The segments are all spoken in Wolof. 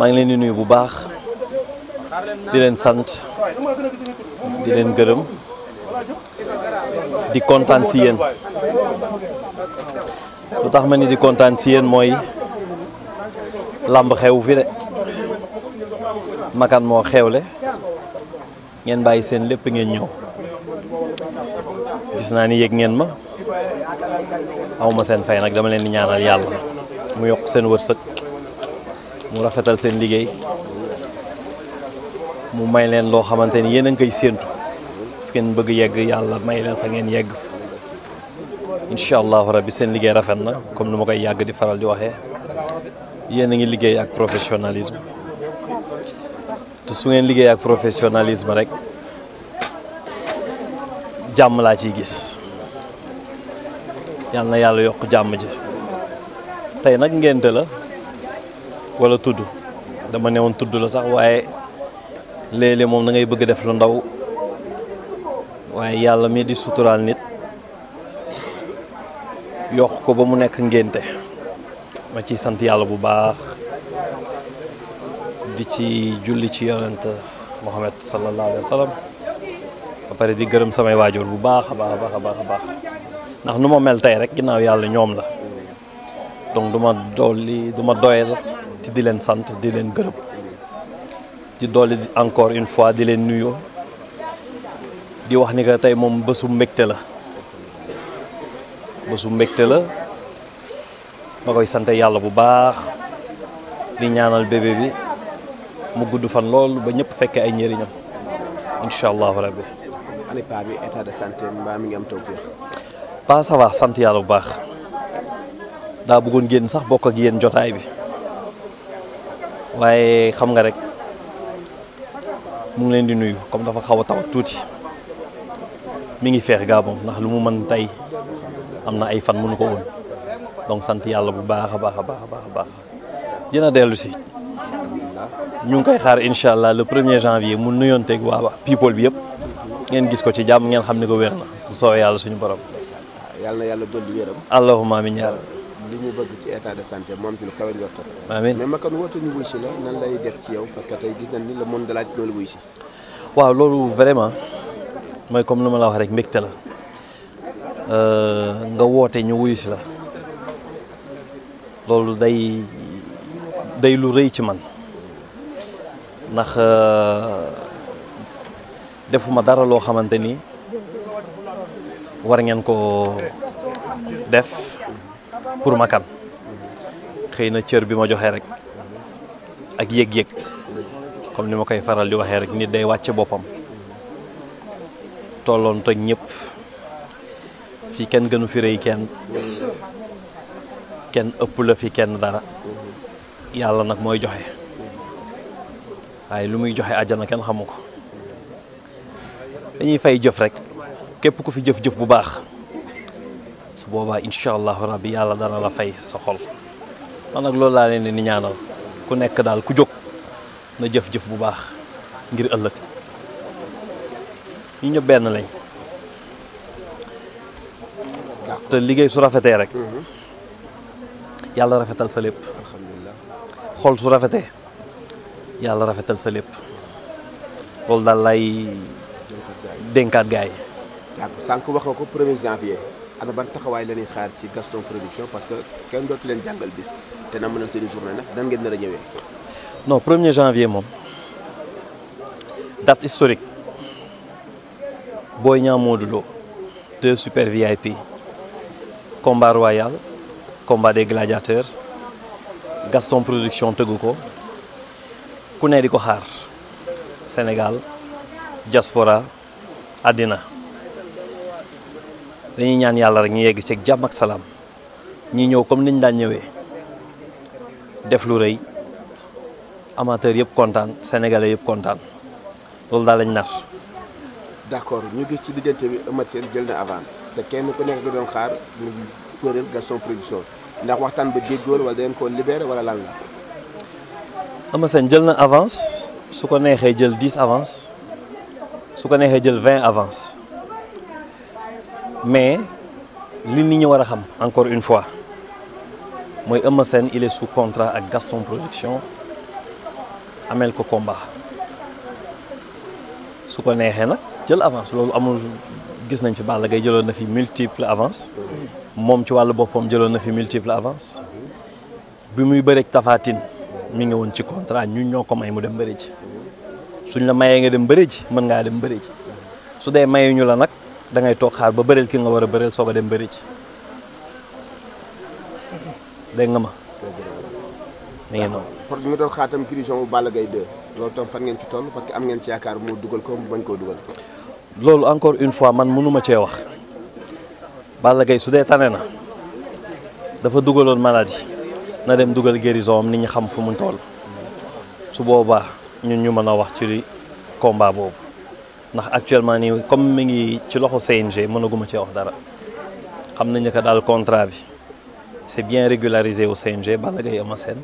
maa ngi leen di nuyu bu baax di leen sant di leen gërëm di kontaan si yéen lu tax ma ni di kontaan si yéen mooy làmb xew fi de makan moo xewle ngeen bàyyi seen lépp ngeen ñëw gis naa ni yég ngeen ma awma seen fay nag dama leen di ñaanal yàlla mu yokk seen wërsëg mu rafetal seen liggéey mu may leen loo xamante ni yéen a koy séentu fi ngeen bëgg yegg yàlla may leen fa ngeen yegg incha allahu rabbi seen liggéey rafet na comme ni ma koy yàgg di faral di waxee yéen a ngi liggéey ak professionnalisme te su ngeen liggéey ak professionnalisme rek jàmm laa ciy gis yàlla yàlla yokk jàmm ji tey nag ngénte la. wala tudd dama woon tudd la sax waaye léeg-léeg moom dangay ngay bëgg def lu ndaw waaye yàlla mi di suturaal nit yokk ko ba mu nekk ngénte ma ciy sant yàlla bu baax di ci julli ci yonent Muhammad sallallahu alayhi wa sallam ba pare di gërëm samay waajur bu baax a baax baax a baax ndax nu ma mel tey rek ginnaaw yàlla ñoom la donc du ma dolli du ma doyal te di leen sant di leen gërëm di dolli encore une fois di leen nuyu di wax ni que tey moom bésu mbégte la bësu mbégte la ma koy sant yàlla bu baax di ñaanal bébé bi mu gudd fan lool ba ñëpp fekkee ay njëriñam incha allahu bi état de santé mbaa mi ngi am tawféex sant yàlla bu baax daa bëggoon génn sax bokk ak yéen jotaay bi waaye xam nga rek mu ngi leen di nuyu comme dafa xaw a taw tuuti mu ngi feex Gabon ndax lu mu mën tey am na ay fan mu nu ko woon donc sant yàlla bu baax a baax a baax a baax dina dellu si ñu ngi koy xaar incha allah le premier janvier mu nuyoon tegu waa people bi yëpp ngeen gis ko ci jàmm ngeen xam ni ko wér na bu soobee yàlla suñu borom. yàlla na yàlla dolli wéram. allahumma amiin li ñu bëgg ci état de santé moom ci lu kawe njortam amiin mais ma kon woote ñu wuy si la nan lay def ci yow parce que tey gis nañ ni le monde de laaj loolu wuy si waaw loolu vraiment mooy comme lu ma la wax rek mbégte la euh, nga woote ñu wuyu si la loolu day day lu rëy ci man ndax euh, defuma dara loo xamante ni war ngeen ko def pour ma xëy na cër bi ma joxe rek ak yëg-yëg comme ni ma koy faral di waxee rek nit day wàcce boppam tolloon te ñëpp fii kenn gënu fi rëy kenn kenn ëpp la fi kenn dara yàlla nag mooy joxe waaye lu muy joxe àjjana kenn xamu ko dañuy fay jëf rek képp ku fi jëf-jëf bu baax su boobaa incha allahu rabbi yàlla dana la fay sa xol man nag loolu laa leen ni ñaanal ku nekk daal ku jóg na jëf-jëf bu baax ngir ëllëg ñu ñëpp benn lañ te liggéey su rafetee rek mhm. yàlla rafetal sa lépp xol su rafetee yàlla rafetal sa lépp loolu daal lay dénkaat gaay yi. sànq wax nga ana ban taxawaay la ñuy xaar ci Gaston Production parce que kenn dootu leen jàngal bis te na mën a seen i journée nag dan ngeen nar a ñëwee. non 1 janvier moom date historique Boy Niang Modou Lo deux super VIP combat royal combat des gladiateurs Gaston Production tëggu ko ku ne di ko xaar Sénégal diaspora àddina dañuy ñaan yàlla rek ñu yegg ci jàmm ak salaam ñi ñëw comme niñ daan ñëwee def lu rëy amateur yëpp kontaan sénégalais yëpp kontaan loolu daal lañ nar. d'accord ñu gis ci diggante bi Eumeu Sène jël na avance te kenn ku nekk nga doon xaar mu fëreel Gaston Production ndax waxtaan ba déggool wala dañ ko libéré wala lan la. Eumeu jël na avance su ko neexee jël 10 avance su ko neexee jël 20 avance mais li nit ñu war a xam encore une fois mooy Eumeu Sène il est sous contrat ak Gaston Production amel ko combat su ko neexee nag jël avance loolu amul gis nañ fi Balla Gaye jëloon na fi multiple avance moom ci wàll boppam jëloon na fi multiple avance bi muy bëreeg tafaatin Tine mi ngi woon ci contrat ñu ñoo ko may mu dem bëri ji suñ la mayee nga dem bëri ji mën ngaa dem bëri ji su dee mayuñu la nag. da ngay toog xaar ba bëreel ki nga war a bëreel soo a dem bëri ci dégg nga ma. mi ngi noonu pour bi nga doon xaar tam bu Balla gay 2 loolu tam fan ngeen ci toll parce que am ngeen ci yaakaar moo dugal ko bañ koo dugal. loolu encore une fois man mënuma cee wax Balla gay su dee tane na dafa dugaloon maladie na dem dugal guérison am nit ñi xam fu mu toll su boobaa ñun ñu mën a wax ci combat boobu. ndax actuellement nii comme mi ngi ci loxo CNG mënaguma ci wax dara xam nañ ne que daal contrat bi c'est bien régularisé au CNG Balla Gaye Eumeu Sène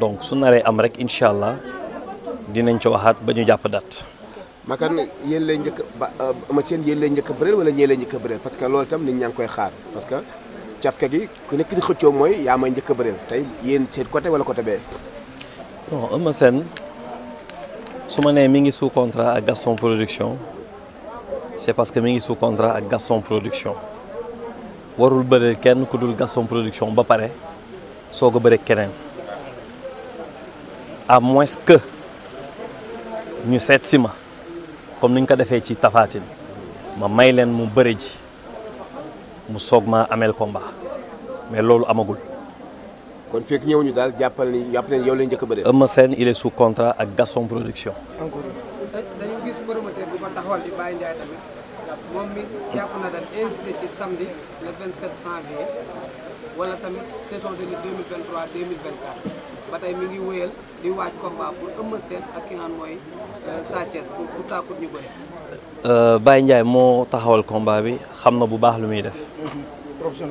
donc su naree am rek incha allah dinañ ci waxaat ba ñu jàpp date. Makane yéen lay njëkk ba euh, Eumeu Sène yéen lay njëkk a bëreel wala ñee lay njëkk a bëreel parce que lool tam nit ñaa koy xaar parce que cafka gi ku nekk di xëccoo mooy yaa may njëkk a bëreel tey yéen seen côté wala côté bee. non Eumeu su ma nee mi ngi sous contrat ak Gaston Production c'est parce que mi ngi sous contrat ak Gaston Production warul bëre kenn ku dul Gaston Production ba pare soo ko bëri keneen à moins que ñu seet si ma comme ni ñu ko defee ci tafaatin ma may leen mu bëre ji mu soog ma ameel combat mais loolu amagul. kon fekk ñëw ñu daal jàppal ni jàpp nañu yow la ñu njëkk a bëree. il est sous contrat ak Gaston Production. dañu gis promoteur bu ko taxawal di Baye Ndiaye tamit moom mi jàpp na daal insisté ci samedi le 27 janvier wala tamit saison de lutte 2023 2024 ba tey mi ngi wéyal di waaj combat pour Eumeu Sène ak ki nga xam mooy euh, Sa Thiès pour ñu bëri. Euh, Baye Ndiaye moo taxawal combat bi xam na bu baax lu muy def. Mhm.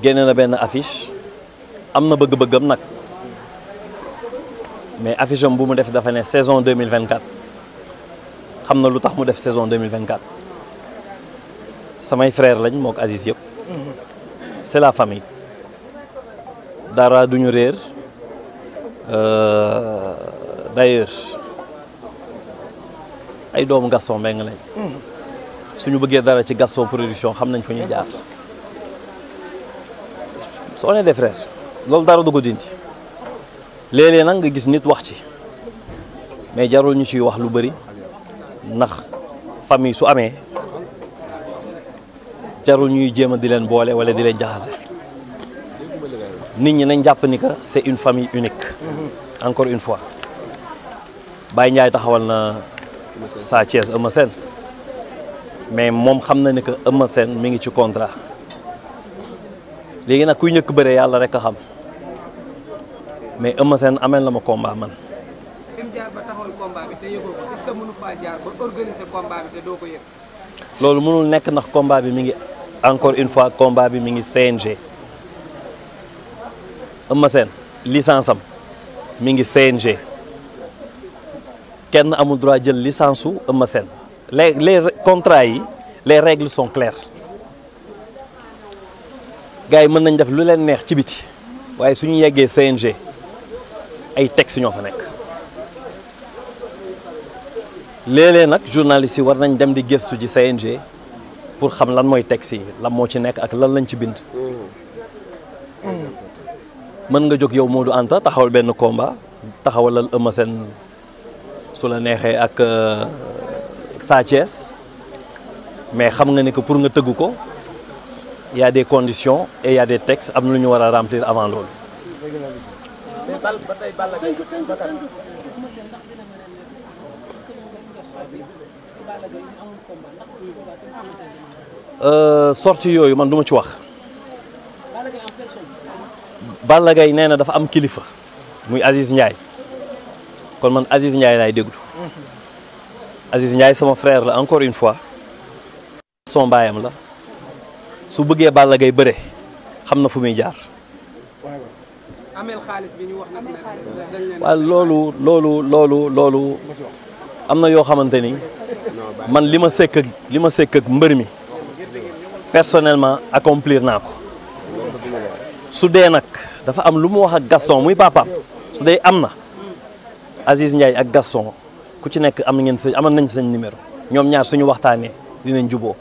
génne na benn affiche. am na bëgg-bëggam nag mais affiche am bu mu def dafa ne saison 2024 xam na lu tax mu def saison 2024 samay frère lañ moo ko Aziz yëpp c'est la famille dara duñu réer euh, d'ailleurs ay doomu Gaston Mbengue lañ suñu bëggee dara ci Gaston production xam nañ fu ñuy jaar soo nee des frères loolu dara du ko dindi léeg-léeg nag nga gis nit wax ci mais jarul ñu ciy wax lu bëri ndax famille su amee jarul ñuy jéem a di leen boole wala di leen jaxase nit ñi nañ jàpp ni que c'est une famille unique encore une fois Baye Ndiaye taxawal na Sa Thiès Eumeu Sène mais moom xam na ne que Eumeu Sène mi ngi ci contrat léegi nag kuy ñëkk bëre yàlla rek a xam mais Eumeu Sène ameel na ma combat man. loolu mënul nekk ndax combat bi mi ngi encore une fois combat bi mi ngi CNG Eumeu Sène licence am mi ngi CNG kenn amul droit jël licence su Eumeu Sène les les contrats yi les règles son claires gars yi mën nañ def lu leen neex ci biti waaye suñu yeggee CNG. ay textes ñoo fa nekk léeg-léeg nag journalistes yi war nañ dem di gëstu ji CNG pour xam lan mooy textes yi lan moo ci nekk ak lan lañ ci bind. mën nga jóg yow Modou Anta taxawal benn combat taxawalal Eumeu Sène su la neexee ak euh, Sa mais xam nga ne que pour nga tëgg ko yaa a des conditions et y a des am na lu ñu war a remplir avant loolu. tey euh, sorti yooyu man duma ci wax. Balla Gaye nee na dafa am kilifa muy Aziz Ndiaye kon man Aziz Ndiaye laay déglu Aziz Ndiaye sama frère la encore une fois son mbaayam la su bëggee Balla Gaye bëre xam na fu muy jaar. amel loolu loolu loolu loolu am na yoo xamante ni man li ma sekk li ma sekk mbër mi personnellement accomplir naa ko su dee nag dafa am lu mu wax ak Gaston muy papaam su dee am na Aziz Ndiaye ak Gaston ku ci nekk am na ngeen sa amoon nañ seen numéro ñoom ñaar suñu waxtaanee dinañ juboo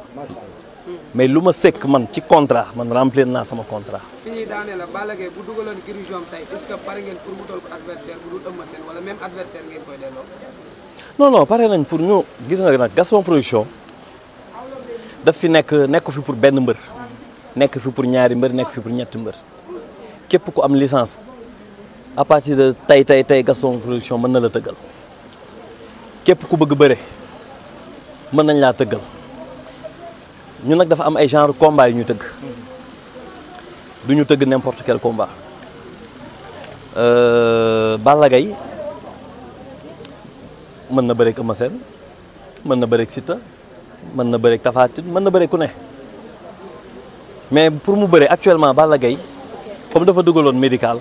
mais lu ma sekk man ci contrat man remplir naa sama contrat. fi ñuy daane la Balla Gaye bu dugaloon guérison tey pare ngeen pour wutal ko adversaire bu dul Eumeu Sène wala même adversaire ngeen pare nañ pour ñu gis nga nag Gaston Production daf fi nekk nekk fi pour benn mbër nekk fi pour ñaari mbër nekk fi pour ñetti mbër képp ku am licence à partir de tey tey tey Gaston Production mën na la tëggal képp ku bëgg bëre mën nañ laa tëggal. ñu nag dafa am ay genre combat yu ñu tëgg du ñu tëgg n'importe quel combat euh, Balla Gaye mën na bëreeg Eumeu Sène mën na bëreeg Siteu mën na bëreeg Tapha mën na bëreeg ku ne mais pour mu bëre actuellement Balla Gaye comme dafa dugaloon médical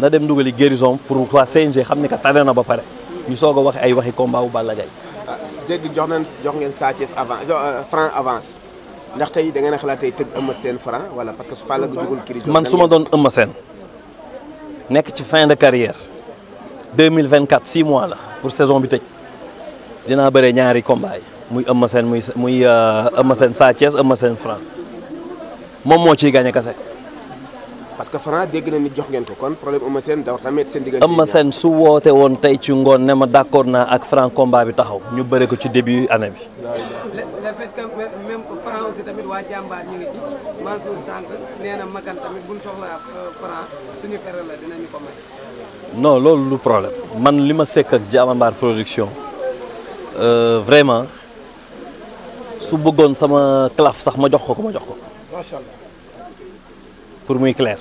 na dem dugali guérison pour waa CNG xam ni que tane na ba pare ñu soog a wax ay waxi combat wu Balla Gaye. Ah, jox nañ jox ngeen Sa Thiès avant euh, avance. ndax tey da ngeen a xalaat tey tëgg Eumeu Sène Franc wala parce que su Fallou dugul crise man su ma doon Eumeu Sène nekk ci fin de carrière 2024 six mois la pour saison bi tëj dina bëree ñaari combat yi muy Eumeu Sène muy muy euh, Eumeu Sène Sa Thiès Eumeu Franc moom moo ciy gagné kase. parce que Franc dégg na ni jox ngeen ko kon problème Eumeu Sène daw tamit seen diggante. Eumeu Sène su woote woon tey ci ngoon ne ma d'accord naa ak Franc combat bi taxaw ñu bëri ko ci début année bi. waa jàmbaar ñu ngi ci Mansour Sànq nee na makan tamit buñ soxlaa euh, franc suñu fere la dinañu ko may. non loolu lu problème man li ma sekk ak jàmbaar production euh, vraiment su bëggoon sama claf sax ma jox ko ko ma jox ko. macha allah pour muy clair.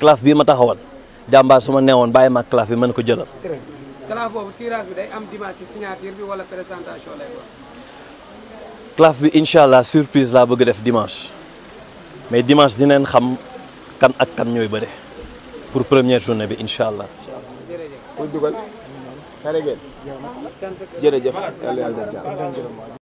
claf bii ma taxawal jàmbaar suma ma neewoon bàyyi ma claf bi mën ko jëlal. claf boobu tirage bi day am dimanche ci signature bi wala présentation lay doon. claf bi incha allah surprise laa bëgg def dimanche mais dimanche dinañ xam kan ak kan ñooy bëre pour première journée bi incha allah. jërëjëf.